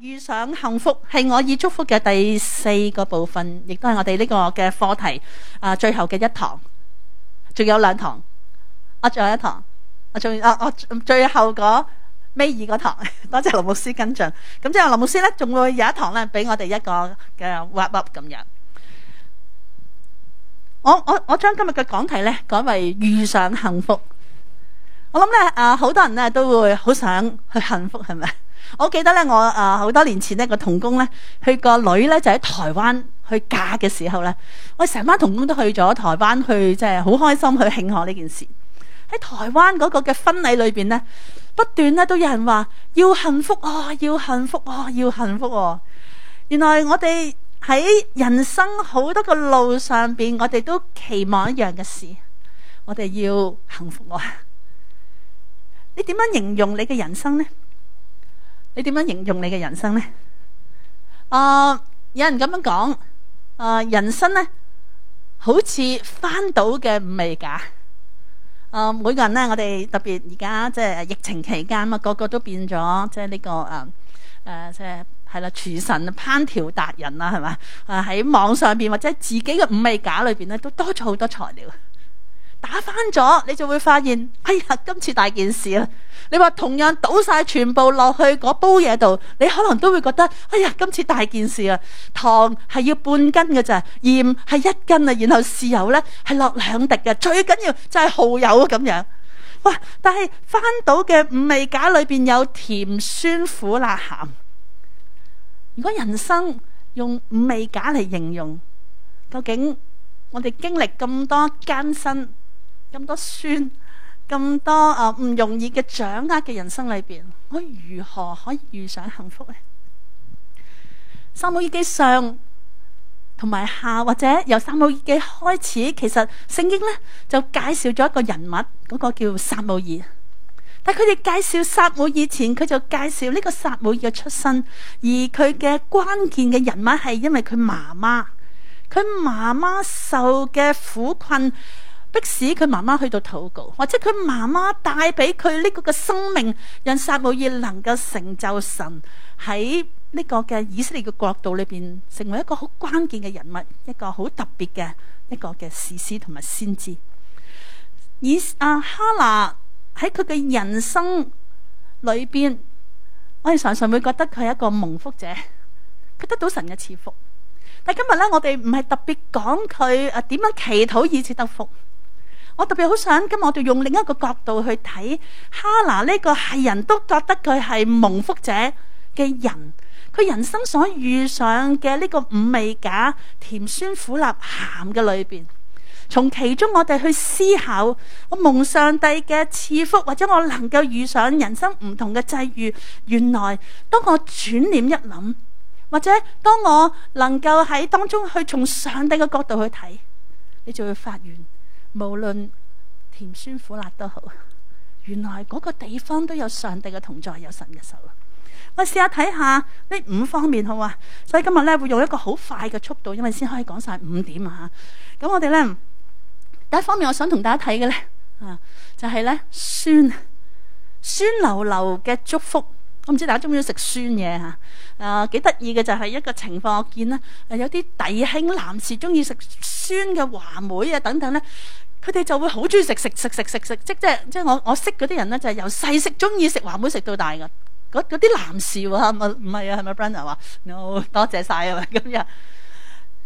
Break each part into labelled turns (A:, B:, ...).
A: 遇上幸福係我意祝福嘅第四個部分，亦都係我哋呢個嘅課題。啊，最後嘅一堂，仲有兩堂，我、啊、仲有一堂，我仲啊，我、啊、最後嗰尾二個堂。多謝林牧師跟進。咁即係林牧師咧，仲會有一堂咧，俾我哋一個嘅 wrap up 咁樣。我我我將今日嘅講題咧改為遇上幸福。我諗咧啊，好多人咧都會好想去幸福，係咪？我記得咧，我誒好、呃、多年前呢、那個童工咧，佢個女咧就喺台灣去嫁嘅時候咧，我成班童工都去咗台灣去，即係好開心去慶賀呢件事喺台灣嗰個嘅婚禮裏邊咧，不斷咧都有人話要幸福哦，要幸福哦、啊，要幸福哦、啊啊啊。原來我哋喺人生好多個路上邊，我哋都期望一樣嘅事，我哋要幸福哦、啊。你點樣形容你嘅人生呢？你點樣形容你嘅人生咧？誒、呃，有人咁樣講，誒、呃，人生咧好似翻到嘅五味架。誒、呃，每個人咧，我哋特別而家即係疫情期間嘛，個個都變咗，即係、這、呢個誒誒、呃，即係係啦，廚神烹調達人啦，係嘛？誒，喺網上邊或者自己嘅五味架裏邊咧，都多咗好多材料。打翻咗，你就會發現哎呀，今次大件事啦！你話同樣倒晒全部落去嗰煲嘢度，你可能都會覺得哎呀，今次大件事啊！糖係要半斤嘅咋，鹽係一斤啊，然後豉油呢係落兩滴嘅，最緊要就係蠔油咁樣。哇！但係翻到嘅五味架裏邊有甜、酸、苦、辣、鹹。如果人生用五味架嚟形容，究竟我哋經歷咁多艱辛，咁多酸，咁多啊唔、呃、容易嘅掌握嘅人生裏邊，我如何可以遇上幸福呢？撒母耳記上同埋下，或者由撒母耳記開始，其實聖經呢就介紹咗一個人物，嗰、那個叫撒母耳。但佢哋介紹撒母耳以前，佢就介紹呢個撒母耳嘅出身，而佢嘅關鍵嘅人物係因為佢媽媽，佢媽媽受嘅苦困。迫使佢媽媽去到禱告，或者佢媽媽帶俾佢呢個嘅生命，讓撒母耳能夠成就神喺呢個嘅以色列嘅國度裏邊成為一個好關鍵嘅人物，一個好特別嘅一個嘅士師同埋先知。以阿、啊、哈拿喺佢嘅人生裏邊，我哋常常會覺得佢係一個蒙福者，佢得到神嘅賜福。但今日咧，我哋唔係特別講佢誒點樣祈禱以至得福。我特別好想，今日我哋用另一個角度去睇哈拿呢個係人都覺得佢係蒙福者嘅人，佢人生所遇上嘅呢個五味架甜酸苦辣鹹嘅裏邊，從其中我哋去思考我蒙上帝嘅賜福，或者我能夠遇上人生唔同嘅際遇，原來當我轉念一諗，或者當我能夠喺當中去從上帝嘅角度去睇，你就會發現。無論甜酸苦辣都好，原來嗰個地方都有上帝嘅同在，有神嘅手。我試，試下睇下呢五方面好啊，所以今日咧會用一個好快嘅速度，因為先可以講晒五點啊。咁我哋咧第一方面，我想同大家睇嘅咧啊，就係、是、咧酸酸流流嘅祝福。我唔知大家中唔中意食酸嘢嚇、啊？誒幾得意嘅就係一個情況我等等我，我見啦、啊 no, 有啲弟兄男士中意食酸嘅華梅啊等等咧，佢哋就會好中意食食食食食食，即即即我我識嗰啲人咧，就係由細食中意食華梅食到大噶。嗰啲男士嚇唔唔係啊？係咪 Bruner 話？哦，多謝晒啊！今日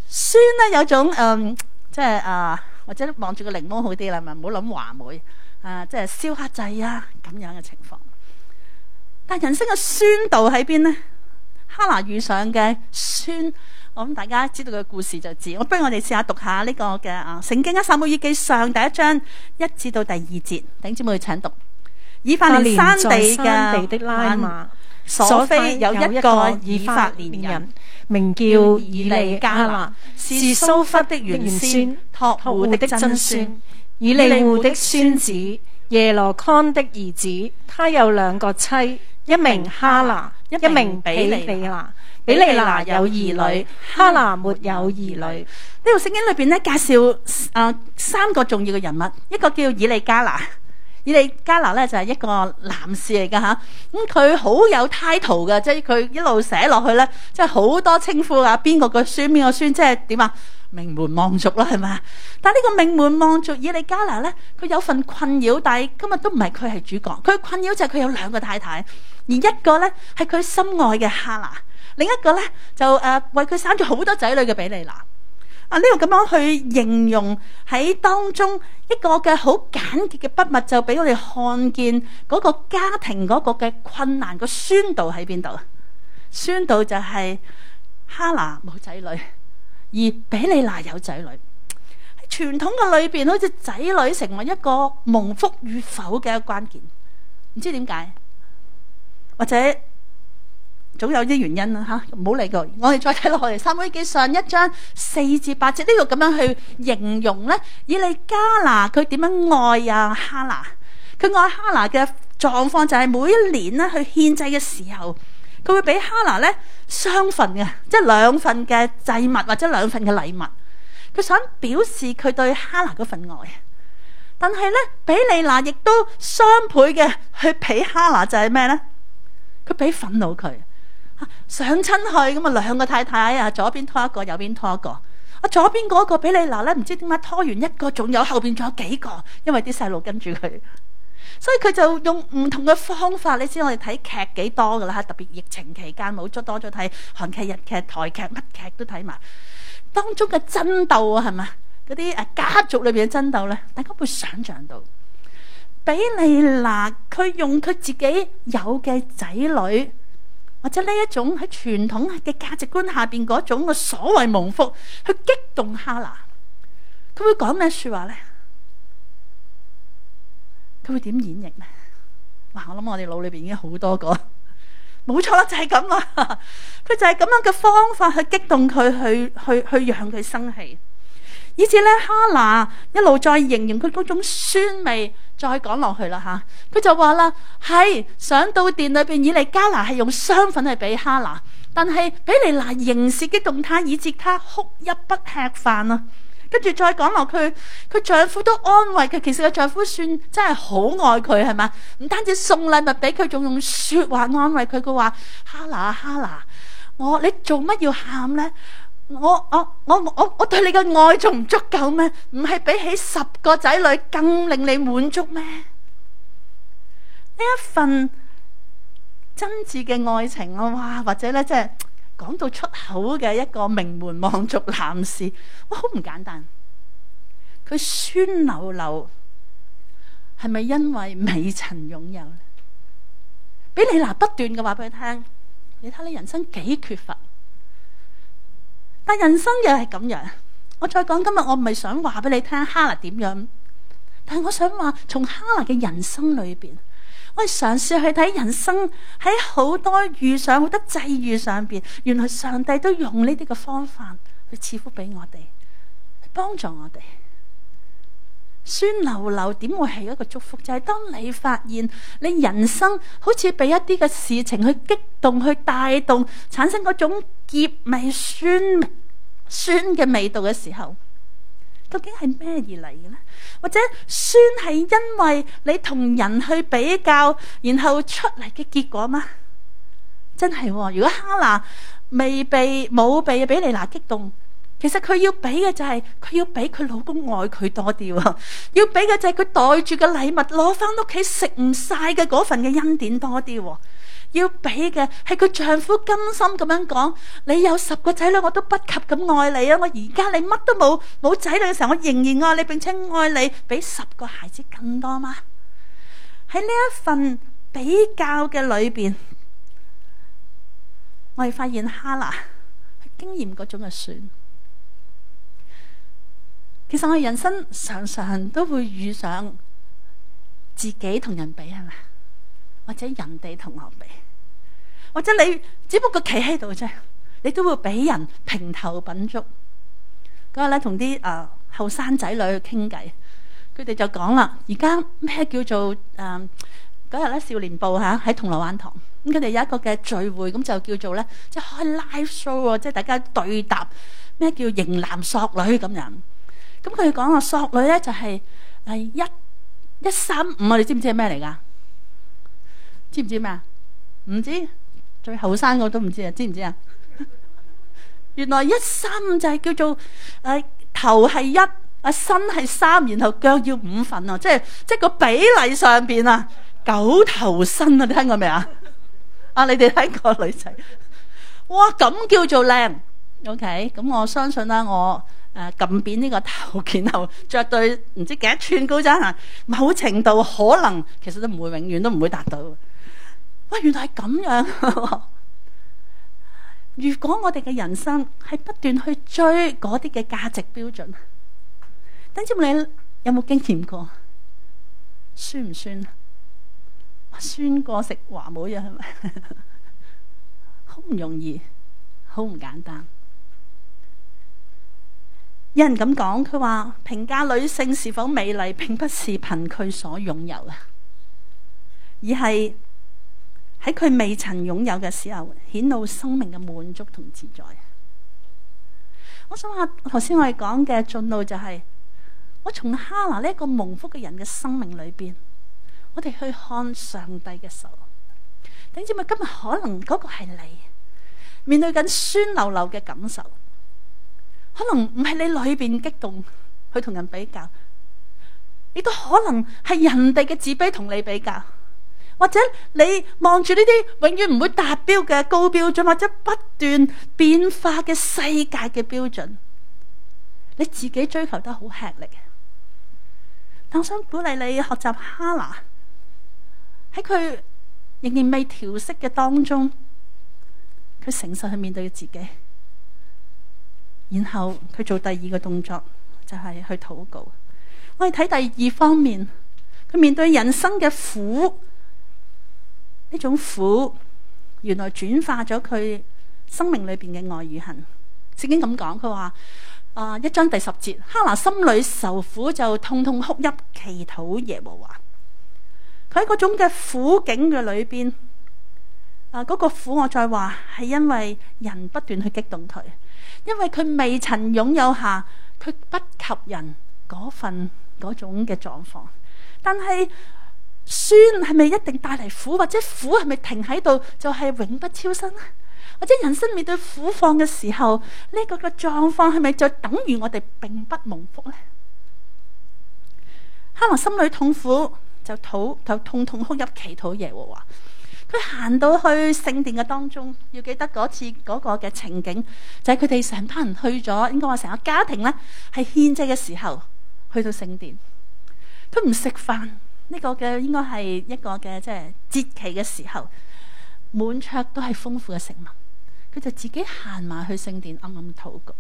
A: 酸咧有種誒，即係啊或者望住個檸檬好啲啦，係咪唔好諗華梅啊，即係燒黑仔啊咁樣嘅情況。人生嘅酸度喺邊呢？哈拿遇上嘅酸，我諗大家知道嘅故事就知。我不如我哋試下讀下呢個嘅啊，聖經嘅《撒母耳記上》第一章一至到第二節，等姊妹去請讀以法連山地嘅拉
B: 馬
A: 所非有一個以法連
B: 人，名叫以利加拿，是蘇弗的玄孫，
A: 托湖的真孫，
B: 以利戶的孫子，耶羅康的兒子。他有兩個妻。一名哈拿，一名比利
A: 拿。比利拿有兒女，哈拿沒有兒女。呢度聖經裏邊咧介紹，誒三個重要嘅人物，一個叫以利加拿，以利加拿咧就係一個男士嚟噶吓，咁佢好有 title 嘅，即係佢一路寫落去咧，即係好多稱呼啊，邊個個孫，邊個孫，即係點啊？名門望族啦，係嘛？但係呢個名門望族以利加拿咧，佢有份困擾，但係今日都唔係佢係主角。佢困擾就係佢有兩個太太，而一個咧係佢心愛嘅哈拿，另一個咧就誒、呃、為佢生咗好多仔女嘅比利拿。啊，呢個咁樣去形容喺當中一個嘅好簡潔嘅筆墨，就俾我哋看見嗰個家庭嗰個嘅困難嘅，那個、酸度喺邊度？酸度就係、是、哈拿，冇仔女。而比利拿有仔女，喺傳統嘅裏邊，好似仔女成為一個蒙福與否嘅關鍵，唔知點解，或者總有啲原因啦吓，唔好理佢。我哋再睇落嚟，三妹嘅上撒母耳記上一章四至八節，呢度咁樣去形容咧，以利加拿佢點樣愛啊哈拿，佢愛哈拿嘅狀況就係每一年咧去獻祭嘅時候。佢會俾哈娜咧雙份嘅，即係兩份嘅祭物或者兩份嘅禮物。佢想表示佢對哈娜嗰份愛。但係咧，比利娜亦都雙倍嘅去俾哈娜就。就係咩咧？佢俾憤怒佢，上親去咁啊，兩個太太啊，左邊拖一個，右邊拖一個。啊，左邊嗰個俾利娜咧，唔知點解拖完一個，仲有後邊仲有幾個，因為啲細路跟住佢。所以佢就用唔同嘅方法，你知我哋睇劇幾多噶啦，特別疫情期間冇咗多咗睇韓劇、日劇、台劇，乜劇都睇埋。當中嘅爭鬥啊，係嘛，嗰啲誒家族裏邊嘅爭鬥咧，大家會想像到，毗尼拿佢用佢自己有嘅仔女，或者呢一種喺傳統嘅價值觀下邊嗰種嘅所謂蒙福，去激動哈拿，佢會講咩説話咧？佢會點演繹咧？哇！我諗我哋腦裏邊已經好多個，冇 錯啦，就係咁啦。佢 就係咁樣嘅方法去激動佢，去去去讓佢生氣，以至咧哈拿一路再形容佢嗰種酸味，再講落去啦吓。佢就話啦：係上到殿裏邊以嚟，加拿係用雙份去俾哈拿，但係俾尼拿刑容激動他，以至，他哭泣不吃飯啊！跟住再講落去，佢丈夫都安慰佢。其實個丈夫算真係好愛佢係嘛？唔單止送禮物俾佢，仲用說話安慰佢。佢話哈拿啊哈拿，h ala, h ala，我你做乜要喊呢？我我我我我對你嘅愛仲唔足夠咩？唔係比起十個仔女更令你滿足咩？呢一份真摯嘅愛情啊哇，或者咧即係。講到出口嘅一個名門望族男士，哇，好唔簡單。佢酸溜溜，係咪因為未曾擁有呢？俾毗尼拿不斷嘅話俾佢聽，你睇你人生幾缺乏，但人生又係咁樣。我再講今日我唔係想話俾你聽哈拿點樣，但係我想話從哈拿嘅人生裏邊。我嘗試去睇人生喺好多遇上好多際遇上邊，原來上帝都用呢啲嘅方法去賜福俾我哋，幫助我哋。酸溜溜點會係一個祝福？就係、是、當你發現你人生好似俾一啲嘅事情去激動去帶動產生嗰種澀味酸酸嘅味道嘅時候。究竟係咩而嚟嘅咧？或者算係因為你同人去比較，然後出嚟嘅結果嗎？真係、哦，如果哈拿未被冇被毗尼拿激動，其實佢要俾嘅就係、是、佢要俾佢老公愛佢多啲、哦，要俾嘅就係佢袋住嘅禮物攞翻屋企食唔晒嘅嗰份嘅恩典多啲、哦。要俾嘅係佢丈夫甘心咁樣講：你有十個仔女，我都不及咁愛你啊！我而家你乜都冇，冇仔女嘅時候，我仍然愛你，並且愛你比十個孩子更多嗎？喺呢一份比較嘅裏邊，我哋發現哈啦，經驗嗰種就算。其實我哋人生常常都會遇上自己同人比係咪？或者人哋同我比？或者你只不過企喺度啫，你都會俾人評頭品足。嗰日咧，同啲誒後生仔女傾偈，佢哋就講啦。而家咩叫做誒嗰日咧少年部嚇喺銅鑼灣堂咁，佢哋有一個嘅聚會，咁就叫做咧即係開 live show 啊，即係大家對答咩叫型男索女咁樣。咁佢講話索女咧就係誒一一三五啊，你知唔知係咩嚟㗎？知唔知咩？唔知。最後生我都唔知啊，知唔知啊？ 原來一三就係叫做誒、呃、頭係一啊，身係三，然後腳要五份啊，即係即係個比例上面啊，九頭身啊，你聽過未啊？ 啊，你哋聽過女仔？哇，咁叫做靚？OK，咁我相信啦、啊，我誒撳、呃、扁呢個頭然後，着對唔知幾多寸高踭鞋，某程度可能其實都唔會永遠都唔會達到。喂，原來係咁樣。 如果我哋嘅人生係不斷去追嗰啲嘅價值標準，等陣你有冇經驗過？酸唔酸？酸過食話梅啊？係咪？好 唔容易，好唔簡單。有人咁講，佢話評價女性是否美麗，並不是憑佢所擁有嘅，而係，喺佢未曾擁有嘅時候，顯露生命嘅滿足同自在。我想話，頭先我哋講嘅進路就係、是，我從哈拿呢一個蒙福嘅人嘅生命裏邊，我哋去看上帝嘅手。點知咪今日可能嗰個係你，面對緊酸溜溜嘅感受，可能唔係你裏邊激動去同人比較，亦都可能係人哋嘅自卑同你比較。或者你望住呢啲永遠唔會達標嘅高標準，或者不斷變化嘅世界嘅標準，你自己追求得好吃力。但我想鼓勵你學習哈拿，喺佢仍然未調適嘅當中，佢誠實去面對自己，然後佢做第二個動作就係、是、去禱告。我哋睇第二方面，佢面對人生嘅苦。呢種苦，原來轉化咗佢生命裏邊嘅愛與恨。聖經咁講，佢話：，啊、呃、一章第十節，哈拿心裏受苦，就痛痛哭泣，祈禱耶和華。佢喺嗰種嘅苦境嘅裏邊，啊、呃、嗰、那個苦，我再話係因為人不斷去激動佢，因為佢未曾擁有下佢不及人嗰份嗰種嘅狀況，但係。酸係咪一定帶嚟苦，或者苦係咪停喺度就係、是、永不超生？或者人生面對苦放嘅時候，呢、這個嘅狀況係咪就等於我哋並不蒙福咧？哈拿心裏痛苦，就討就痛痛哭泣，祈禱耶和華。佢行到去聖殿嘅當中，要記得嗰次嗰個嘅情景，就係佢哋成班人去咗，應該話成個家庭咧，係獻祭嘅時候去到聖殿，佢唔食飯。呢個嘅應該係一個嘅即係節期嘅時候，滿桌都係豐富嘅食物，佢就自己行埋去聖殿暗暗禱告。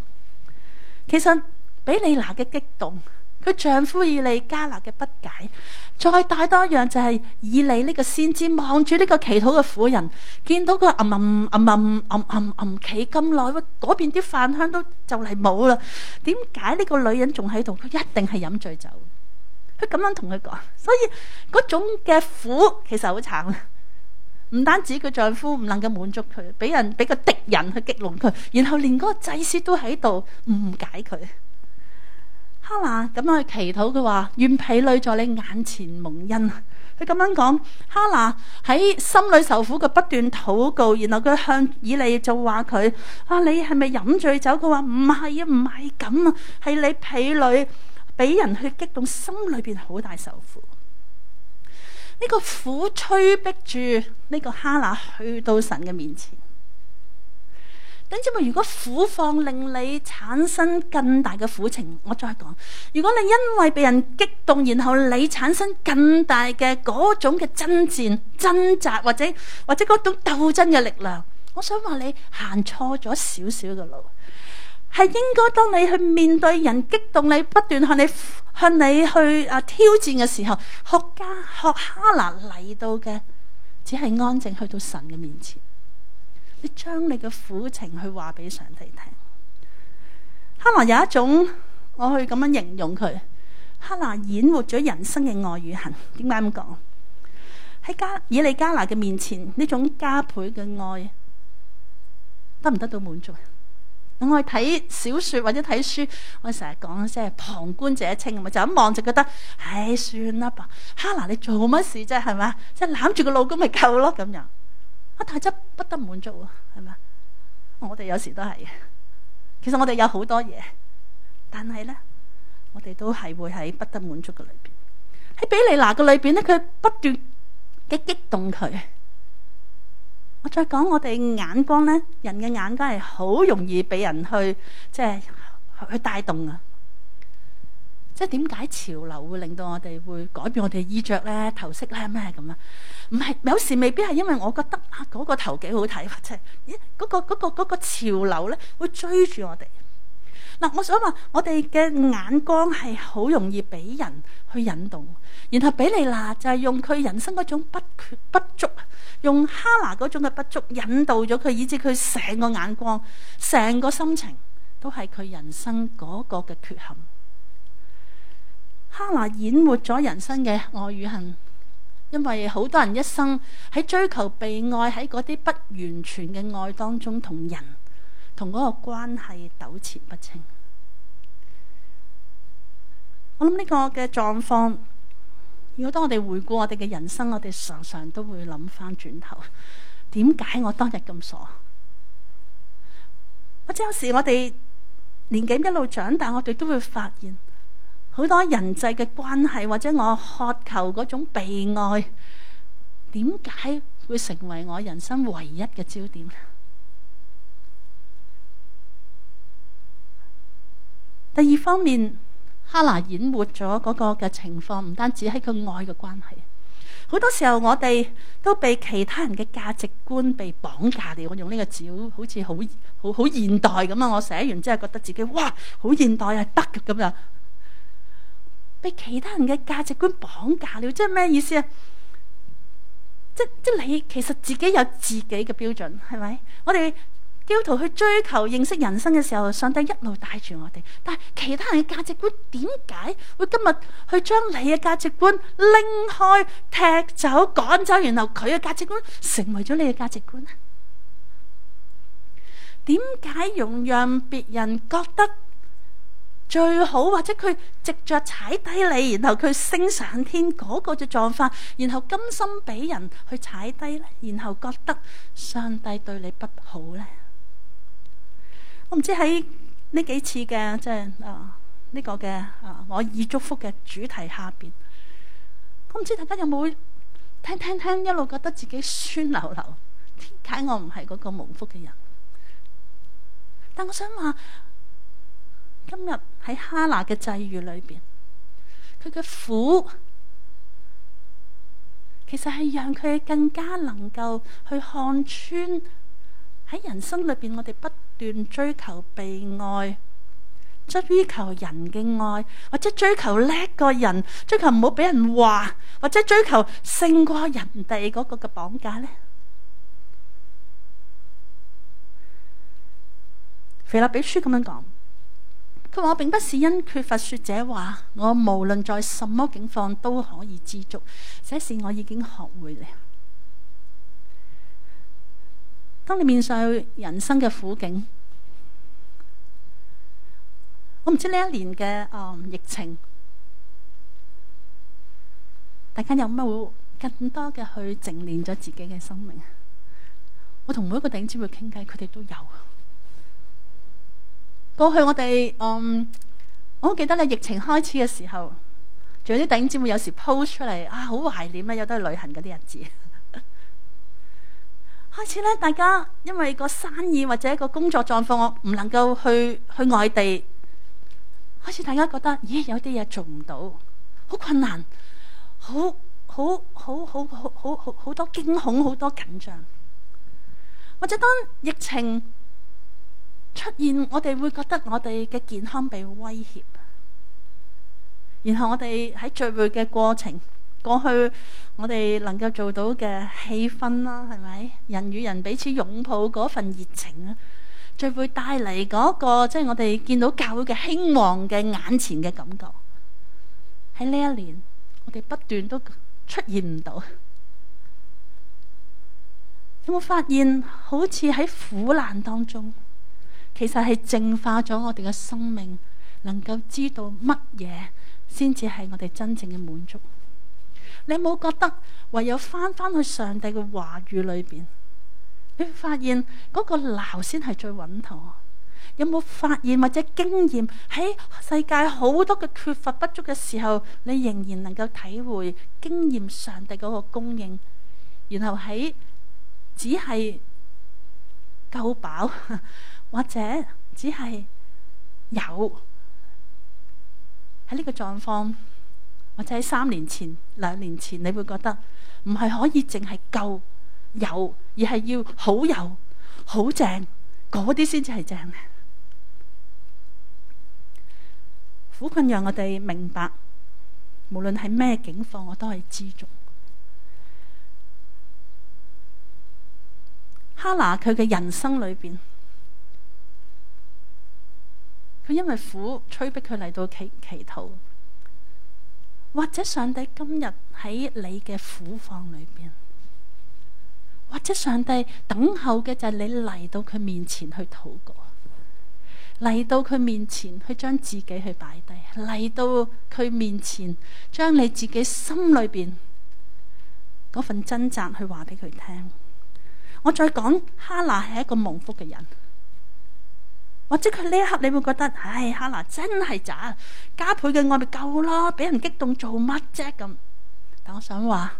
A: 其實毗尼拿嘅激動，佢丈夫以利加拿嘅不解，再大多樣就係、是、以利呢個先知望住呢個祈禱嘅婦人，見到佢暗暗暗暗暗暗企咁耐，嗰、呃、邊啲飯香都就嚟冇啦。點解呢個女人仲喺度？佢一定係飲醉酒。佢咁樣同佢講，所以嗰種嘅苦其實好慘，唔單止佢丈夫唔能夠滿足佢，俾人俾個敵人去激怒佢，然後連嗰個祭司都喺度誤解佢。哈娜咁樣去祈禱，佢話願婢女在你眼前蒙恩。佢咁樣講，哈娜喺心裏受苦，佢不斷禱告，然後佢向以利就話佢啊，你係咪飲醉酒？佢話唔係啊，唔係咁啊，係你婢女。俾人去激動，心裏邊好大受苦。呢、這個苦催逼住呢、這個哈拿去到神嘅面前。等住咪，如果苦況令你產生更大嘅苦情，我再講。如果你因為被人激動，然後你產生更大嘅嗰種嘅爭戰、掙扎或者或者嗰種鬥爭嘅力量，我想話你行錯咗少少嘅路。係應該當你去面對人激動你，你不斷向你向你去啊挑戰嘅時候，學家學哈拿嚟到嘅，只係安靜去到神嘅面前。你將你嘅苦情去話俾上帝聽。哈拿有一種，我去咁樣形容佢，哈拿演活咗人生嘅愛與恨。點解咁講？喺加，以利加拿嘅面前，呢種加倍嘅愛得唔得到滿足？我去睇小說或者睇書，我成日講即係旁觀者清，咪就一望就覺得，唉、哎，算啦吧。哈嗱，你做乜事啫？係咪，即係攬住個老公咪夠咯咁樣。啊，但真不得滿足，係咪？我哋有時都係。其實我哋有好多嘢，但係咧，我哋都係會喺不得滿足嘅裏邊。喺比莉娜嘅裏邊咧，佢不斷嘅激動佢。我再講我哋眼光咧，人嘅眼光係好容易俾人去即係去帶動啊！即係點解潮流會令到我哋會改變我哋衣着咧、頭飾咧咩咁啊？唔係，有時未必係因為我覺得啊嗰個頭幾好睇，或者嗰個嗰個嗰個潮流咧會追住我哋。嗱，我想話我哋嘅眼光係好容易俾人去引動，然後比利娜就係用佢人生嗰種不缺不足。用哈拿嗰種嘅不足引導咗佢，以至佢成個眼光、成個心情都係佢人生嗰個嘅缺陷。哈拿演活咗人生嘅愛與恨，因為好多人一生喺追求被愛，喺嗰啲不完全嘅愛當中，同人同嗰個關係糾纏不清。我諗呢個嘅狀況。如果當我哋回顧我哋嘅人生，我哋常常都會諗翻轉頭，點解我當日咁傻？或者有時我哋年紀一路長大，我哋都會發現，好多人際嘅關係，或者我渴求嗰種被愛，點解會成為我人生唯一嘅焦點？第二方面。哈拿掩沒咗嗰個嘅情況，唔單止係佢愛嘅關係，好多時候我哋都被其他人嘅價值觀被綁架了。我用呢個字好似好好好現代咁啊！我寫完之後覺得自己哇，好現代啊，得嘅咁啊！被其他人嘅價值觀綁架了，即係咩意思啊？即即你其實自己有自己嘅標準，係咪？我哋。基督徒去追求認識人生嘅時候，上帝一路帶住我哋。但係其他人嘅價值觀點解會今日去將你嘅價值觀拎開踢走、趕走，然後佢嘅價值觀成為咗你嘅價值觀呢？點解容讓別人覺得最好，或者佢直着踩低你，然後佢升上天嗰個嘅狀況，然後甘心俾人去踩低咧？然後覺得上帝對你不好咧？我唔知喺呢幾次嘅即係啊呢、這個嘅啊，我意祝福嘅主題下邊，我唔知大家有冇聽聽聽一路覺得自己酸溜溜，點解我唔係嗰個蒙福嘅人？但我想話，今日喺哈拿嘅際遇裏邊，佢嘅苦其實係讓佢更加能夠去看穿喺人生裏邊，我哋不追求被愛，執於求人嘅愛，或者追求叻個人，追求唔好俾人話，或者追求勝過人哋嗰個嘅綁架呢，腓立比書咁樣講，佢話，我並不是因缺乏說這話，我無論在什麼境況都可以知足，這是我已經學會咧。當你面上人生嘅苦境，我唔知呢一年嘅、嗯、疫情，大家有冇更多嘅去淨煉咗自己嘅生命？我同每一個頂尖會傾偈，佢哋都有。過去我哋誒、嗯，我記得咧疫情開始嘅時候，仲有啲頂尖會有時 po 出嚟啊，好懷念啊，有得去旅行嗰啲日子。開始咧，大家因為個生意或者一個工作狀況，我唔能夠去去外地。開始大家覺得，咦，有啲嘢做唔到，好困難，好好好好好好好，好多驚恐，好多緊張。或者當疫情出現，我哋會覺得我哋嘅健康被威脅。然後我哋喺聚會嘅過程。過去我哋能夠做到嘅氣氛啦，係咪人與人彼此擁抱嗰份熱情啊？最會帶嚟嗰個，即係我哋見到教會嘅興旺嘅眼前嘅感覺喺呢一年，我哋不斷都出現唔到。有冇發現，好似喺苦難當中，其實係淨化咗我哋嘅生命，能夠知道乜嘢先至係我哋真正嘅滿足？你冇覺得唯有返返去上帝嘅話語裏邊，你會發現嗰、那個鬧先係最穩妥。有冇發現或者經驗，喺世界好多嘅缺乏不足嘅時候，你仍然能夠體會經驗上帝嗰個供應，然後喺只係夠飽，或者只係有喺呢個狀況。或者喺三年前、兩年前，你會覺得唔係可以淨係夠有，而係要好有、好正，嗰啲先至係正嘅。苦困讓我哋明白，無論係咩境況，我都係知足。哈拿佢嘅人生裏邊，佢因為苦催逼佢嚟到祈祈禱。或者上帝今日喺你嘅苦況裏邊，或者上帝等候嘅就係你嚟到佢面前去禱告，嚟到佢面前去將自己去擺低，嚟到佢面前將你自己心裏邊嗰份掙扎去話俾佢聽。我再講哈拿係一個蒙福嘅人。或者佢呢一刻，你會覺得唉，哈拿真係渣加倍嘅愛咪夠咯，俾人激動做乜啫咁？但我想話，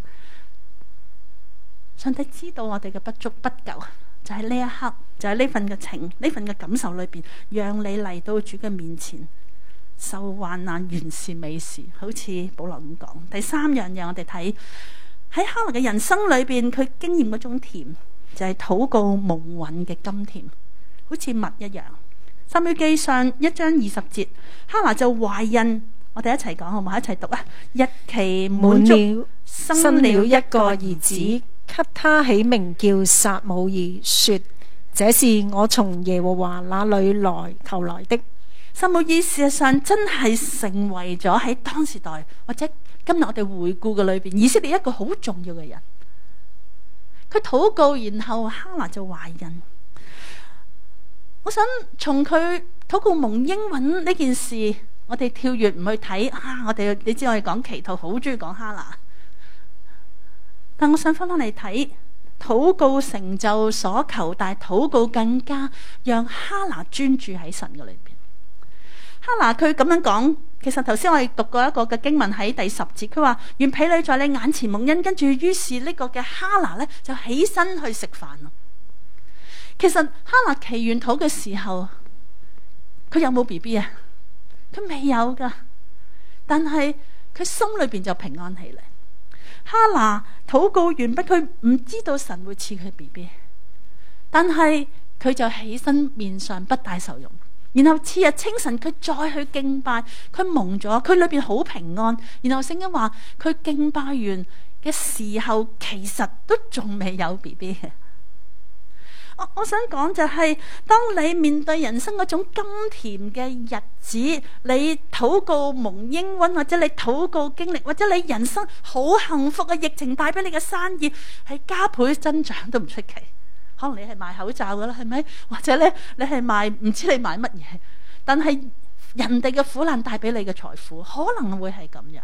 A: 上帝知道我哋嘅不足、不夠，就喺呢一刻，就喺呢份嘅情、呢份嘅感受裏邊，讓你嚟到主嘅面前受患難，完善美事，好似保羅咁講。第三樣嘢，我哋睇喺哈拿嘅人生裏邊，佢經驗嗰種甜就係禱告蒙允嘅甘甜，好似蜜一樣。《撒母耳記上》一章二十節，哈拿就懷孕，我哋一齊講好唔好？一齊讀啊！日期滿，滿了，生了一個
B: 兒子，給他起名叫撒母耳，說這是我
A: 從耶和華那裏來求來的。撒母耳事實上真係成為咗喺當時代或者今日我哋回顧嘅裏邊，以色列一個好重要嘅人。佢禱告，然後哈拿就懷孕。我想從佢禱告蒙應允呢件事，我哋跳越唔去睇啊！我哋你知我哋講祈禱好中意講哈拿。但我想翻翻嚟睇禱告成就所求，但係禱告更加讓哈拿專注喺神嘅裏邊。哈拿，佢咁樣講，其實頭先我哋讀過一個嘅經文喺第十節，佢話願婢女在你眼前蒙恩，跟住於是個呢個嘅哈拿咧就起身去食飯。其實哈拿祈完禱嘅時候，佢有冇 B B 啊？佢未有噶，但係佢心裏邊就平安起嚟。哈拿禱告完畢，佢唔知道神會賜佢 B B，但係佢就起身面上不帶愁容。然後次日清晨佢再去敬拜，佢蒙咗，佢裏邊好平安。然後聖經話佢敬拜完嘅時候，其實都仲未有 B B 嘅。我想講就係、是，當你面對人生嗰種甘甜嘅日子，你禱告蒙應允，或者你禱告經歷，或者你人生好幸福嘅，疫情帶俾你嘅生意係加倍增長都唔出奇。可能你係賣口罩噶啦，係咪？或者呢，你係賣唔知你賣乜嘢？但係人哋嘅苦難帶俾你嘅財富，可能會係咁樣。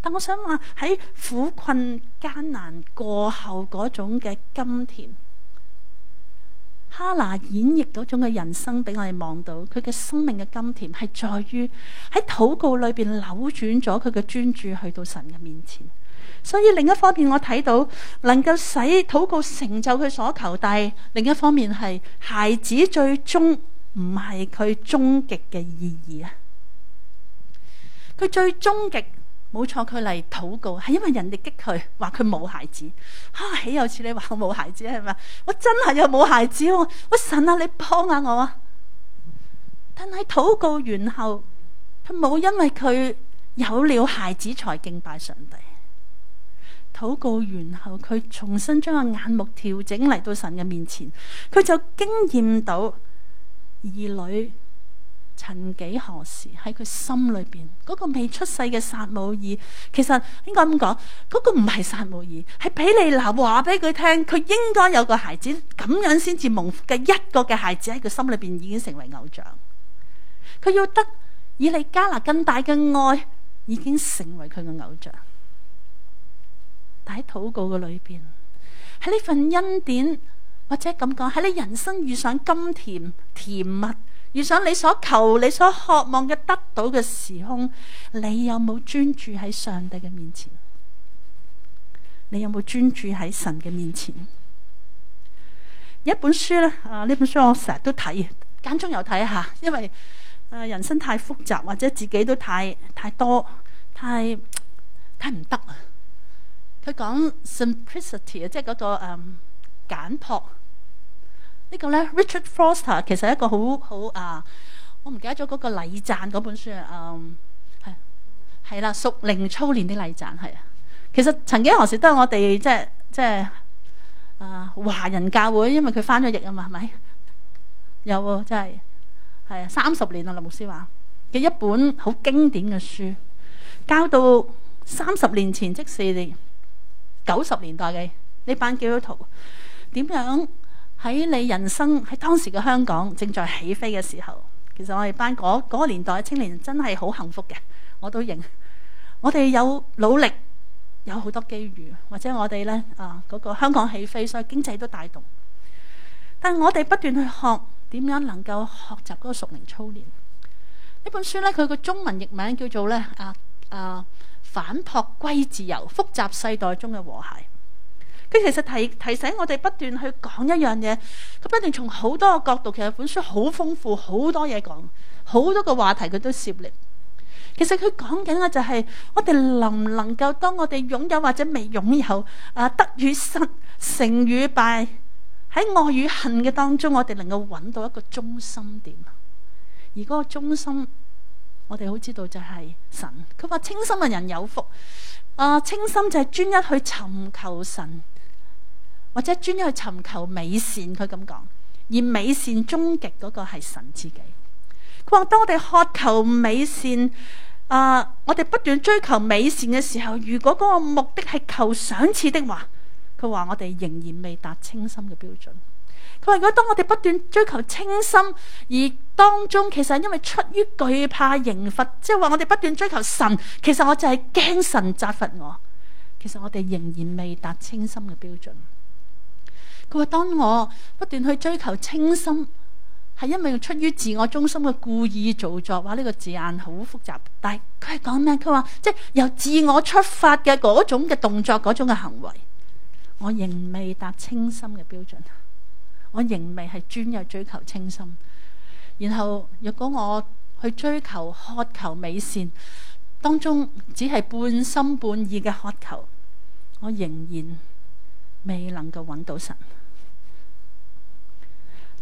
A: 但我想話喺苦困艱難過後嗰種嘅甘甜。哈拿演繹嗰種嘅人生俾我哋望到，佢嘅生命嘅甘甜係在於喺禱告裏邊扭轉咗佢嘅專注去到神嘅面前。所以另一方面，我睇到能夠使禱告成就佢所求，但係另一方面係孩子最終唔係佢終極嘅意義啊，佢最終極。冇錯，佢嚟禱告係因為人哋激佢，話佢冇孩子，吓、啊、豈有似你話我冇孩子係咪？我真係又冇孩子，我神啊，你幫下、啊、我啊！但係禱告完後，佢冇因為佢有了孩子才敬拜上帝。禱告完後，佢重新將個眼目調整嚟到神嘅面前，佢就經驗到兒女。曾幾何時喺佢心裏邊嗰個未出世嘅撒母耳，其實應該咁講，嗰、那個唔係撒母耳，係毗尼拿話俾佢聽，佢應該有個孩子咁樣先至蒙福嘅一個嘅孩子喺佢心裏邊已經成為偶像。佢要得以利加拿更大嘅愛，已經成為佢嘅偶像。但喺禱告嘅裏邊，喺呢份恩典或者咁講，喺你人生遇上甘甜甜蜜，遇上你所求、你所渴望嘅，得到嘅時空，你有冇專注喺上帝嘅面前？你有冇專注喺神嘅面前？一本書咧，啊呢本書我成日都睇，間中有睇下，因為誒、啊、人生太複雜，或者自己都太太多、太太唔得啊。佢講 simplicity 啊、那個，即係嗰個誒簡樸。個呢個咧，Richard Foster 其實一個好好啊！我唔記得咗嗰個禮讚嗰本書啊，嗯，係係啦，屬靈操練的禮讚係啊。其實曾幾何時都係我哋即係即係啊華人教會，因為佢翻咗譯啊嘛，係咪有喎？真係係三十年啊！林牧師話嘅一本好經典嘅書，教到三十年前即係九十年代嘅呢班基督徒點樣？喺你人生喺當時嘅香港正在起飛嘅時候，其實我哋班嗰個年代嘅青年真係好幸福嘅，我都認。我哋有努力，有好多機遇，或者我哋呢，啊嗰、嗰個香港起飛，所以經濟都帶動。但我哋不斷去學點樣能夠學習嗰個屬靈操練呢本書呢，佢個中文譯名叫做呢，啊啊反璞歸自由，複雜世代中嘅和諧。佢其實提提醒我哋不斷去講一樣嘢，佢不斷從好多個角度。其實本書好豐富，好多嘢講，好多個話題佢都涉獵。其實佢講緊嘅就係、是、我哋能唔能夠當我哋擁有或者未擁有啊，得與失、成與敗喺愛與恨嘅當中，我哋能夠揾到一個中心點。而嗰個中心，我哋好知道就係神。佢話清心嘅人有福啊，清心就係專一去尋求神。或者專去尋求美善，佢咁講。而美善終極嗰個係神自己。佢話：當我哋渴求美善，啊、呃，我哋不斷追求美善嘅時候，如果嗰個目的係求賞賜的話，佢話我哋仍然未達清心嘅標準。佢話：如果當我哋不斷追求清心，而當中其實係因為出於懼怕刑罰，即係話我哋不斷追求神，其實我就係驚神責罰我，其實我哋仍然未達清心嘅標準。佢話：當我不斷去追求清心，係因為出於自我中心嘅故意造作。哇！呢個字眼好複雜。但係佢係講咩？佢話即係由自我出發嘅嗰種嘅動作，嗰種嘅行為，我仍未達清心嘅標準。我仍未係專有追求清心。然後，若果我去追求渴求美善，當中只係半心半意嘅渴求，我仍然未能夠揾到神。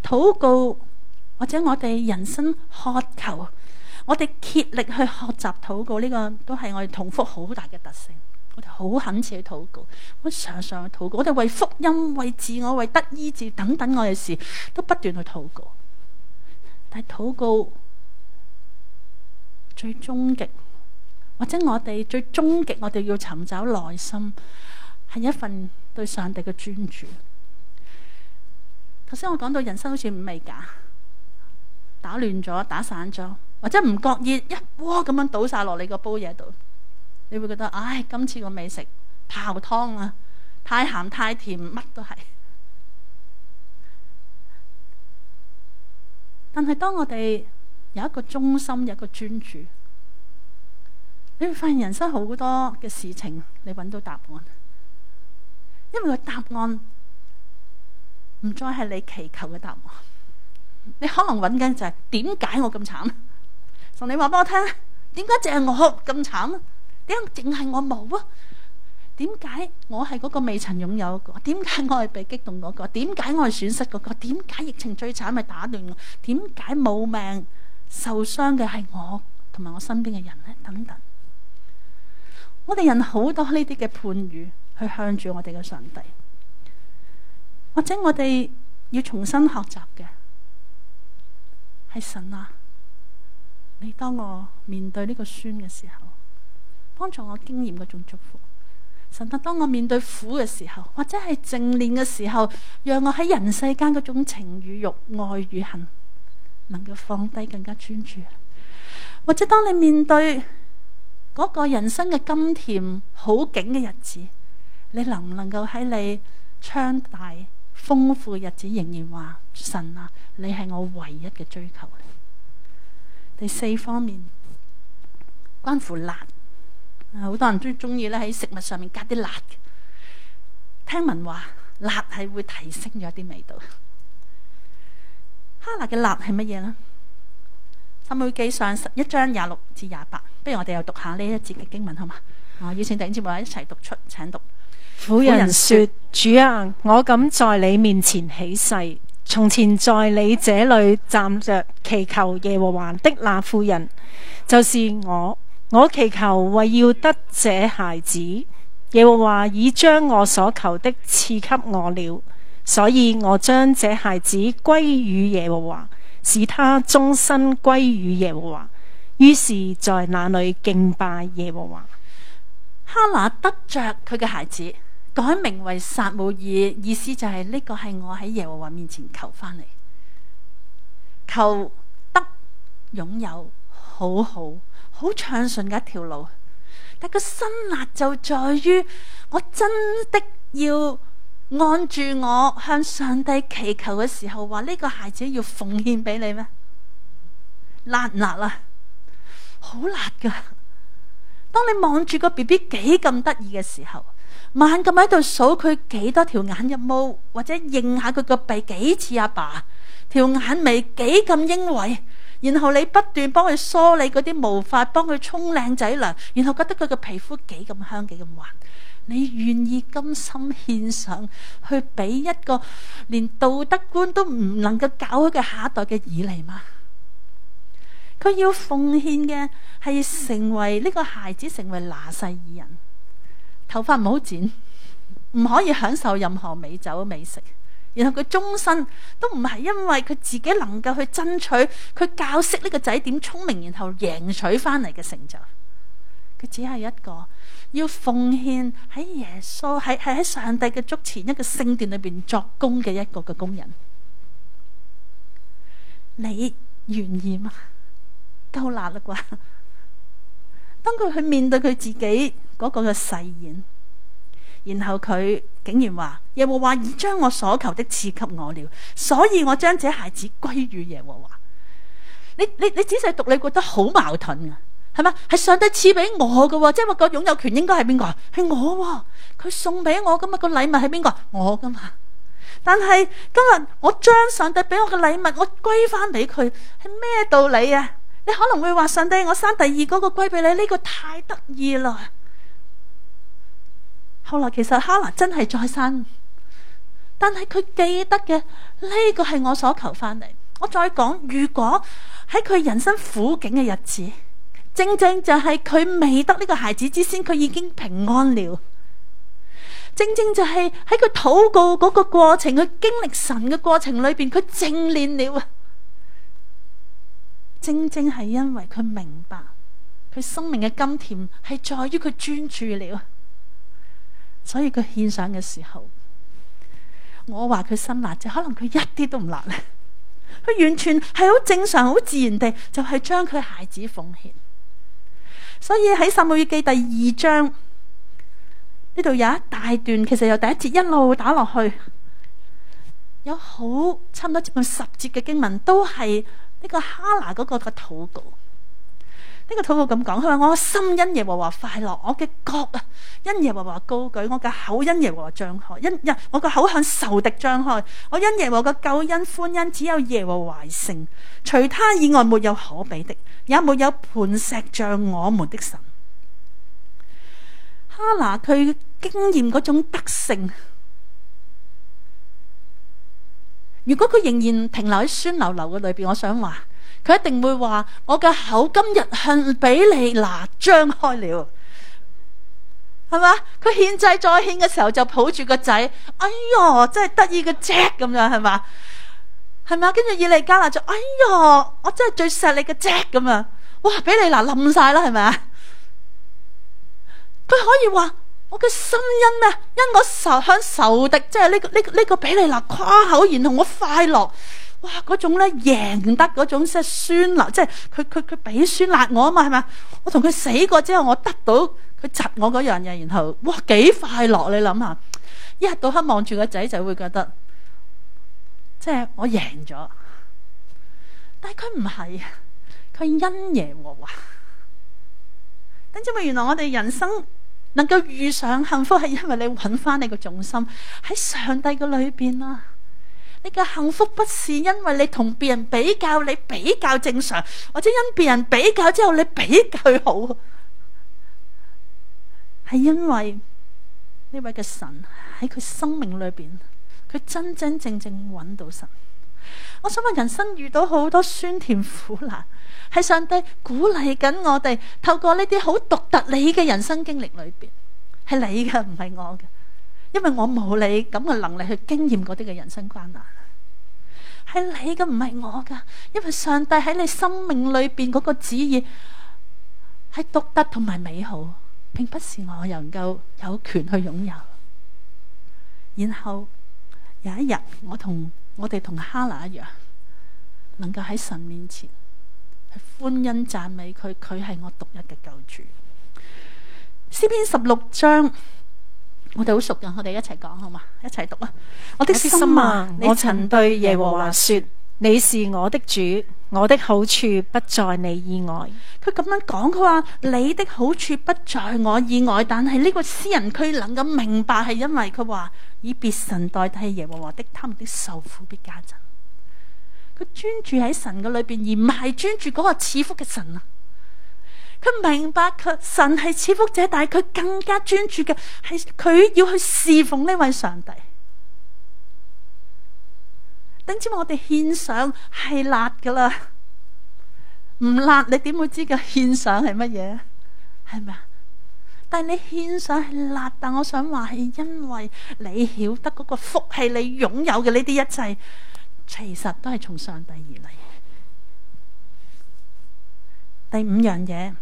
A: 禱告或者我哋人生渴求，我哋竭力去學習禱告，呢個都係我哋同福好大嘅特性。我哋好懇切禱告，我常常去禱告，我哋為福音、為自我、為得醫治等等我哋事，都不斷去禱告。但係禱告最終極，或者我哋最終極，我哋要尋找內心係一份對上帝嘅專注。頭先我講到人生好似五味架，打亂咗、打散咗，或者唔覺意一鑊咁樣倒晒落你個煲嘢度，你會覺得唉、哎，今次個美食泡湯啊！太鹹、太甜，乜都係。但係當我哋有一個中心，有一個專注，你會發現人生好多嘅事情，你揾到答案，因為個答案。唔再係你祈求嘅答案，你可能揾緊就係點解我咁慘？同你話俾我聽，點解淨係我咁慘啊？點解淨係我冇啊？點解我係嗰個未曾擁有一個？點解我係被激動嗰個？點解我係損失嗰個？點解疫情最慘咪打亂我？點解冇命受傷嘅係我同埋我身邊嘅人呢？等等，我哋人好多呢啲嘅判語去向住我哋嘅上帝。或者我哋要重新學習嘅係神啊。你當我面對呢個酸嘅時候，幫助我經驗嗰種祝福。神啊，當我面對苦嘅時候，或者係正念嘅時候，讓我喺人世間嗰種情與欲、愛與恨，能夠放低更加專注。或者當你面對嗰個人生嘅甘甜好景嘅日子，你能唔能夠喺你窗大？豐富日子仍然話神啊，你係我唯一嘅追求。第四方面關乎辣，好多人都中意咧喺食物上面加啲辣嘅。聽聞話辣係會提升咗啲味道。哈拿嘅辣係乜嘢咧？《撒母耳記》上一章廿六至廿八，不如我哋又讀下呢一節嘅經文，好嘛？啊，邀請第二節目一齊讀出，請讀。
B: 婦人說：主啊，我敢在你面前起誓，從前在你這裏站着祈求耶和華的那婦人，就是我。我祈求為要得這孩子，耶和華已將我所求的賜給我了，所以我將這孩子歸於耶和華，使他終身歸於耶和華。於是，在那裏敬
A: 拜耶和華，哈拿得着佢嘅孩子。改名為撒母耳，意思就係呢個係我喺耶和華面前求翻嚟，求得擁有好好好暢順嘅一條路。但個辛辣就在於，我真的要按住我向上帝祈求嘅時候，話呢個孩子要奉獻俾你咩？辣唔辣啊？好辣㗎！當你望住個 B B 幾咁得意嘅時候。慢咁喺度數佢幾多條眼入毛，或者認下佢個鼻幾似阿爸，爸，條眼眉幾咁英偉，然後你不斷幫佢梳理嗰啲毛髮，幫佢沖靚仔涼，然後覺得佢個皮膚幾咁香，幾咁滑。你願意甘心獻上去俾一個連道德觀都唔能夠教好嘅下一代嘅以利嚟嗎？佢要奉獻嘅係成為呢、嗯、個孩子，成為拿細耳人。頭髮唔好剪，唔可以享受任何美酒美食。然後佢終身都唔係因為佢自己能夠去爭取，佢教識呢個仔點聰明，然後贏取翻嚟嘅成就。佢只係一個要奉獻喺耶穌喺喺喺上帝嘅足前一個聖殿裏邊作工嘅一個嘅工人。你願意嗎？都好難啦啩。當佢去面對佢自己。嗰個嘅誓言，然後佢竟然話耶和華已將我所求的賜給我了，所以我將這孩子歸與耶和華。你你你仔細讀，你覺得好矛盾啊，係嘛？係上帝賜俾我嘅，即係話個擁有權應該係邊個？係我佢送俾我今日個禮物係邊個？我噶嘛？但係今日我將上帝俾我嘅禮物，我歸翻俾佢，係咩道理啊？你可能會話上帝，我生第二嗰個歸俾你，呢個太得意啦。後來其實哈拿真係再生，但係佢記得嘅呢，這個係我所求翻嚟。我再講，如果喺佢人生苦境嘅日子，正正就係佢未得呢個孩子之先，佢已經平安了。正正就係喺佢禱告嗰個過程，佢經歷神嘅過程裏邊，佢正練了。正正係因為佢明白，佢生命嘅甘甜係在於佢專注了。所以佢獻上嘅時候，我話佢心辣，就可能佢一啲都唔辣咧，佢完全係好正常、好自然地就係將佢孩子奉獻。所以喺《撒母耳記》第二章呢度有一大段，其實由第一節一路打落去，有好差唔多接近十節嘅經文，都係呢個哈拿嗰個嘅禱告。呢個禱告咁講，佢話我心因耶和華快樂，我嘅角啊因耶和華高舉，我嘅口因耶和華張開，因我嘅口向仇敵張開。我因耶和華嘅救恩，歡欣，只有耶和華為聖，除他以外沒有可比的，也沒有磐石像我們的神。哈拿佢經驗嗰種德性。如果佢仍然停留喺酸流流嘅裏邊，我想話。佢一定會話：我嘅口今日向比利拿張開了，係嘛？佢獻祭再獻嘅時候就抱住個仔，哎喲，真係得意嘅只咁樣，係嘛？係咪啊？跟住以利加拿就：哎喲，我真係最錫你嘅只咁樣！哇，比利拿冧晒啦，係咪啊？佢可以話：我嘅心因咩？因我受向仇敵，即係呢個呢呢個比利拿誇口，然後我快樂。哇，嗰種咧贏得嗰種，即係酸辣，即係佢佢佢俾酸辣我啊嘛，係咪？我同佢死過之後，我得到佢窒我嗰樣嘢，然後哇幾快樂！你諗下，一日到黑望住個仔仔會覺得，即係我贏咗。但係佢唔係，佢因耶和華。等因咪，原來我哋人生能夠遇上幸福，係因為你揾翻你個重心喺上帝嘅裏邊啊。你嘅幸福不是因為你同別人比較，你比較正常，或者因別人比較之後你比佢好，係因為呢位嘅神喺佢生命裏邊，佢真真正正揾到神。我想問，人生遇到好多酸甜苦辣，係上帝鼓勵緊我哋，透過呢啲好獨特你嘅人生經歷裏邊，係你嘅，唔係我嘅。因為我冇你咁嘅能力去經驗嗰啲嘅人生關難，係你嘅，唔係我噶。因為上帝喺你生命裏邊嗰個旨意係獨特同埋美好，並不是我能夠有權去擁有。然後有一日，我同我哋同哈拿一樣，能夠喺神面前去歡欣讚美佢，佢係我獨一嘅救主。詩篇十六章。我哋好熟噶，我哋一齊講好嘛？一齊讀啊！我的心啊，是我曾
B: 對耶和華說：華，你是我的主，我的好處不在你以外。
A: 佢咁樣講，佢話你的好處不在我以外。但係呢個詩人佢能夠明白，係因為佢話以別神代替耶和華的，他們的受苦必加增。佢專注喺神嘅裏邊，而唔係專注嗰個賜福嘅神啊。佢明白佢神係賜福者，但係佢更加專注嘅係佢要去侍奉呢位上帝。等知我哋獻上係辣噶啦，唔辣你點會知嘅獻上係乜嘢？係咪啊？但係你獻上係辣，但我想話係因為你曉得嗰個福係你擁有嘅呢啲一切，其實都係從上帝而嚟。第五樣嘢。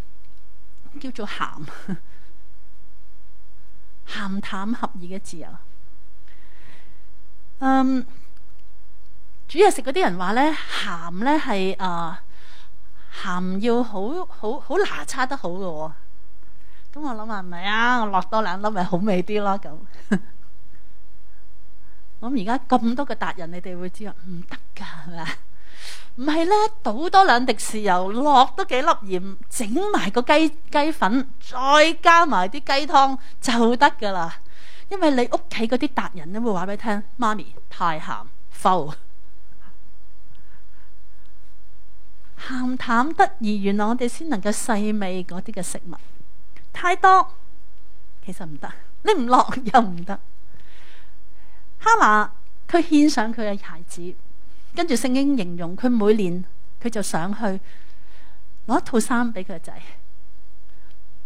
A: 叫做鹹鹹 淡合宜嘅字啊，嗯，煮嘢食嗰啲人話呢鹹呢係啊鹹要好好好拿叉得好嘅，哦，咁，嗯，我諗下唔係啊，我落多兩粒咪好味啲咯，咁，咁而家咁多嘅達人，你哋會知啊，唔得噶。係咪？唔係呢，倒多兩滴豉油，落多幾粒鹽，整埋個雞雞粉，再加埋啲雞湯就得噶啦。因為你屋企嗰啲達人都會話俾你聽，媽咪太鹹，浮鹹淡得宜。原來我哋先能夠細味嗰啲嘅食物。太多其實唔得，你唔落又唔得。哈拿佢獻上佢嘅孩子。跟住聖經形容，佢每年佢就上去攞一套衫俾佢個仔。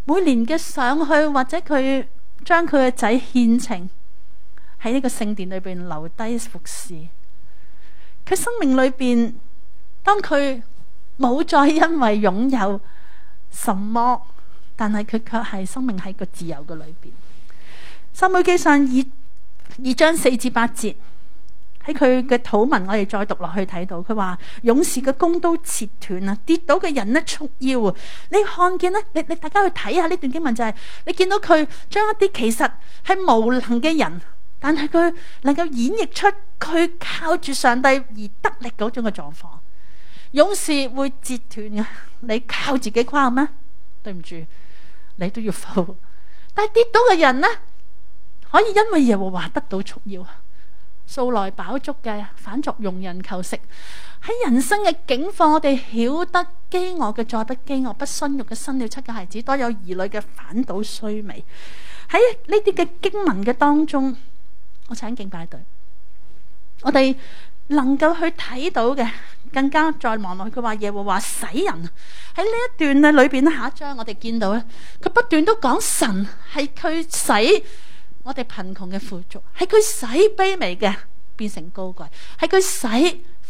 A: 每年嘅，上去或者佢將佢嘅仔獻呈喺呢個聖殿裏邊留低服侍。佢生命裏邊，當佢冇再因為擁有什麼，但係佢卻係生命喺個自由嘅裏邊。撒母耳記上二章四至八節。喺佢嘅土文，我哋再讀落去睇到，佢話勇士嘅弓都折斷啊，跌倒嘅人呢束腰啊。你看見咧？你你大家去睇下呢段經文就係，你見到佢將一啲其實係無能嘅人，但係佢能夠演繹出佢靠住上帝而得力嗰種嘅狀況。勇士會折斷嘅，你靠自己誇咩？對唔住，你都要負。但係跌倒嘅人呢，可以因為耶和華得到束腰啊。素來飽足嘅，反作傭人求食。喺人生嘅境況，我哋曉得飢餓嘅再不飢餓，不生育嘅生了七個孩子，多有兒女嘅反倒衰微。喺呢啲嘅經文嘅當中，我請敬拜隊，我哋能夠去睇到嘅，更加再望落去，佢話耶和華使人死，喺呢一段嘅裏邊，下一章我哋見到咧，佢不斷都講神係佢使。我哋貧窮嘅富足，係佢使卑微嘅變成高貴，係佢使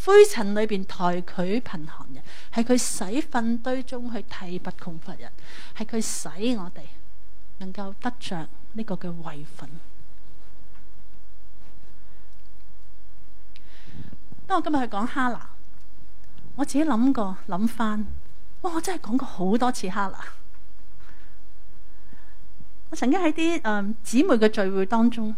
A: 灰塵裏邊抬舉貧寒人，係佢使糞堆中去提拔窮乏人，係佢使我哋能夠得着呢個嘅位份。當我今日去講哈拿，我自己諗過諗翻，哇！我真係講過好多次哈拿。曾經喺啲嗯姊妹嘅聚會當中，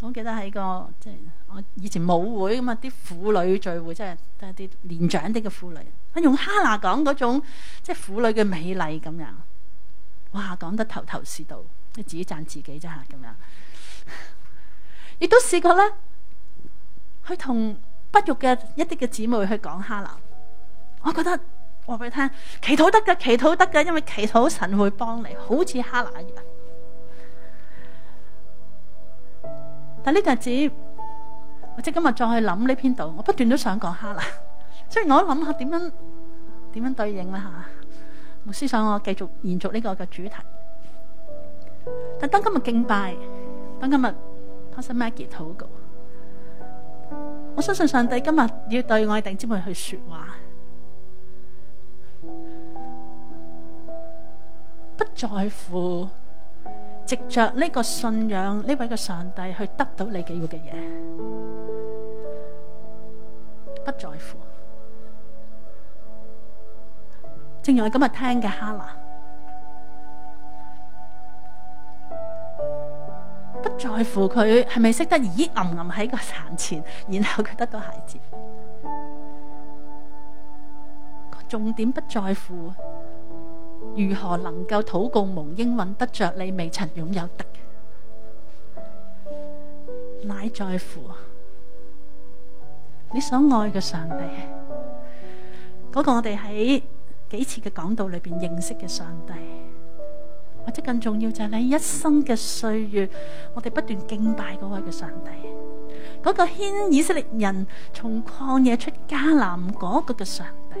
A: 我記得喺個即係我以前母會咁啊，啲婦女聚會，即係都係啲年長啲嘅婦女，我用哈拿講嗰種即係婦女嘅美麗咁樣，哇，講得頭頭是道，自己讚自己啫吓咁樣。亦都試過咧，去同不育嘅一啲嘅姊妹去講哈拿，我覺得話俾你聽，祈禱得㗎，祈禱得㗎，因為祈禱神會幫你，好似哈拿一樣。但呢段子，我即今日再去諗呢篇道，我不斷都想講下啦。所以我都諗下點樣點樣對應啦吓。牧師想我繼續延續呢個嘅主題。但當今日敬拜，當今日 Pastor Maggie 禱告。我相信上帝今日要對我哋姊妹去說話，不在乎。藉著呢個信仰，呢位嘅上帝去得到你幾要嘅嘢，不在乎。正如我今日聽嘅哈拿，不在乎佢係咪識得咦揞揞喺個神前，然後佢得到孩子。重點不在乎。如何能夠禱告蒙應允得着你未曾擁有的？乃在乎你所愛嘅上帝，嗰個我哋喺幾次嘅講道裏面認識嘅上帝，或者更重要就係你一生嘅歲月我哋不斷敬拜嗰位嘅上帝，嗰個牽以色列人從曠野出迦南嗰個嘅上帝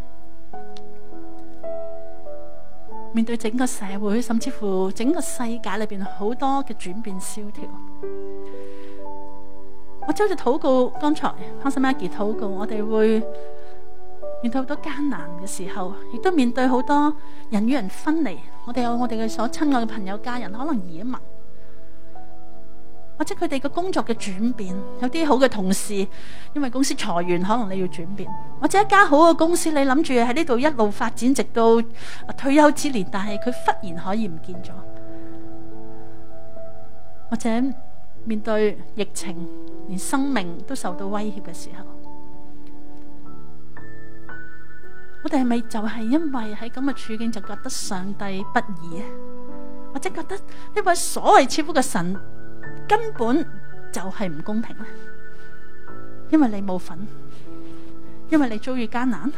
A: 面對整個社會，甚至乎整個世界裏邊好多嘅轉變蕭條，我朝早禱告，剛才潘思 Maggie 禱告，我哋會面對好多艱難嘅時候，亦都面對好多人與人分離，我哋有我哋嘅所親愛嘅朋友家人可能移民。或者佢哋嘅工作嘅轉變，有啲好嘅同事，因為公司裁員，可能你要轉變。或者一家好嘅公司，你諗住喺呢度一路發展，直到退休之年，但係佢忽然可以唔見咗。或者面對疫情，連生命都受到威脅嘅時候，我哋係咪就係因為喺咁嘅處境就覺得上帝不義啊？或者覺得呢位所謂超乎嘅神？根本就係唔公平咧，因為你冇份，因為你遭遇艱難。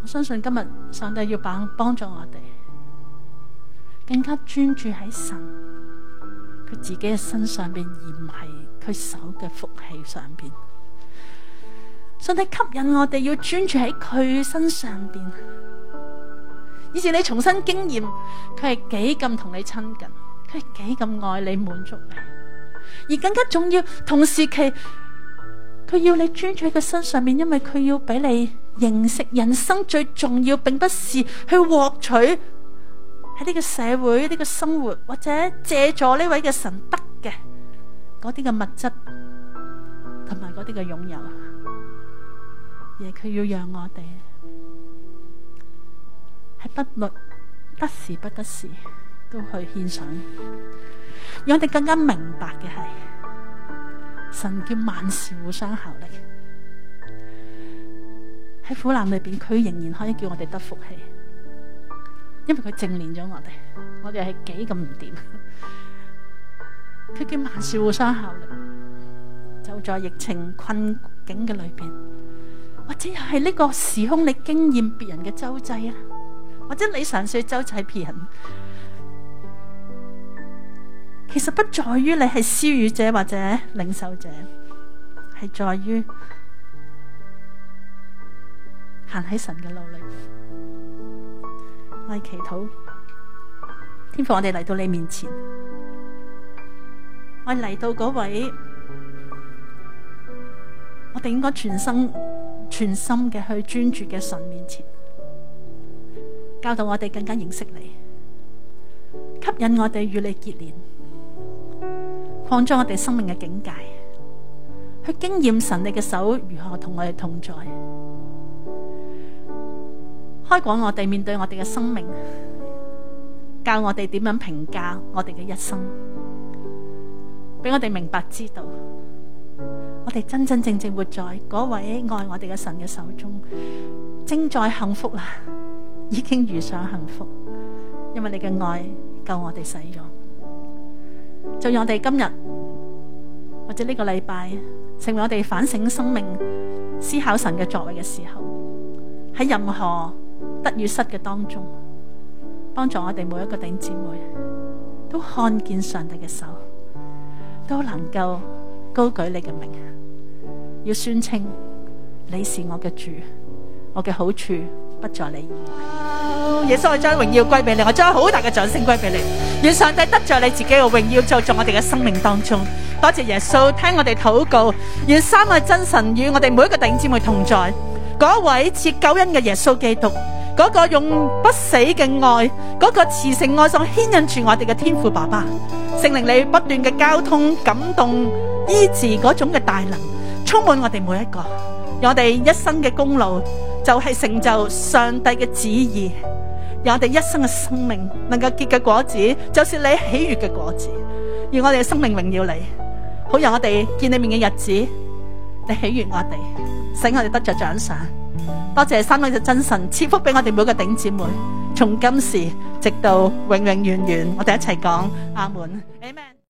A: 我相信今日上帝要幫幫助我哋，更加專注喺神佢自己嘅身上邊，而唔係佢手嘅福氣上邊。上帝吸引我哋要專注喺佢身上邊。以至你重新經驗，佢係幾咁同你親近，佢係幾咁愛你滿足你，而更加重要，同時期，佢要你專注喺佢身上面，因為佢要俾你認識人生最重要，並不是去獲取喺呢個社會呢個生活或者借助呢位嘅神得嘅嗰啲嘅物質同埋嗰啲嘅擁有，而係佢要讓我哋。喺無論不時不得時，都去獻上，讓我哋更加明白嘅係神叫萬事互相效力。喺苦難裏邊，佢仍然可以叫我哋得福氣，因為佢正練咗我哋。我哋係幾咁唔掂，佢 叫萬事互相效力。就在疫情困境嘅裏邊，或者又係呢個時空你經驗別人嘅周濟啦。或者你常說周濟別人，其實不在於你係施予者或者領受者，係在於行喺神嘅路里，我祈禱，天父，我哋嚟到你面前，我嚟到嗰位，我哋應該全心全心嘅去專注嘅神面前。教導我哋更加認識你，吸引我哋與你結連，擴張我哋生命嘅境界，去經驗神你嘅手如何同我哋同在，開廣我哋面對我哋嘅生命，教我哋點樣評價我哋嘅一生，俾我哋明白知道，我哋真真正正活在嗰位愛我哋嘅神嘅手中，正在幸福啦。已經遇上幸福，因為你嘅愛夠我哋使用。就讓我哋今日或者呢個禮拜，成為我哋反省生命、思考神嘅作為嘅時候，喺任何得與失嘅當中，幫助我哋每一個弟兄姊妹都看見上帝嘅手，都能夠高舉你嘅名，要宣稱你是我嘅主，我嘅好處。不在你以外，耶穌，我將榮耀歸俾你，我將好大嘅掌聲歸俾你，願上帝得著你自己嘅榮耀，就在我哋嘅生命當中。多謝耶穌，聽我哋禱告，願三位真神與我哋每一個弟兄姊妹同在。嗰位賜救恩嘅耶穌基督，嗰個用不死嘅愛，嗰個慈繩愛索牽引住我哋嘅天父爸爸，聖靈你不斷嘅交通、感動、醫治嗰種嘅大能，充滿我哋每一個，我哋一生嘅功勞。就係成就上帝嘅旨意，有我哋一生嘅生命能夠結嘅果子，就算你喜悦嘅果子，而我哋嘅生命榮耀你，好讓我哋見你面嘅日子，你喜悦我哋，使我哋得咗獎賞。多謝三位嘅真神，賜福俾我哋每個頂姊妹，從今時直到永永遠遠，我哋一齊講阿門，阿門。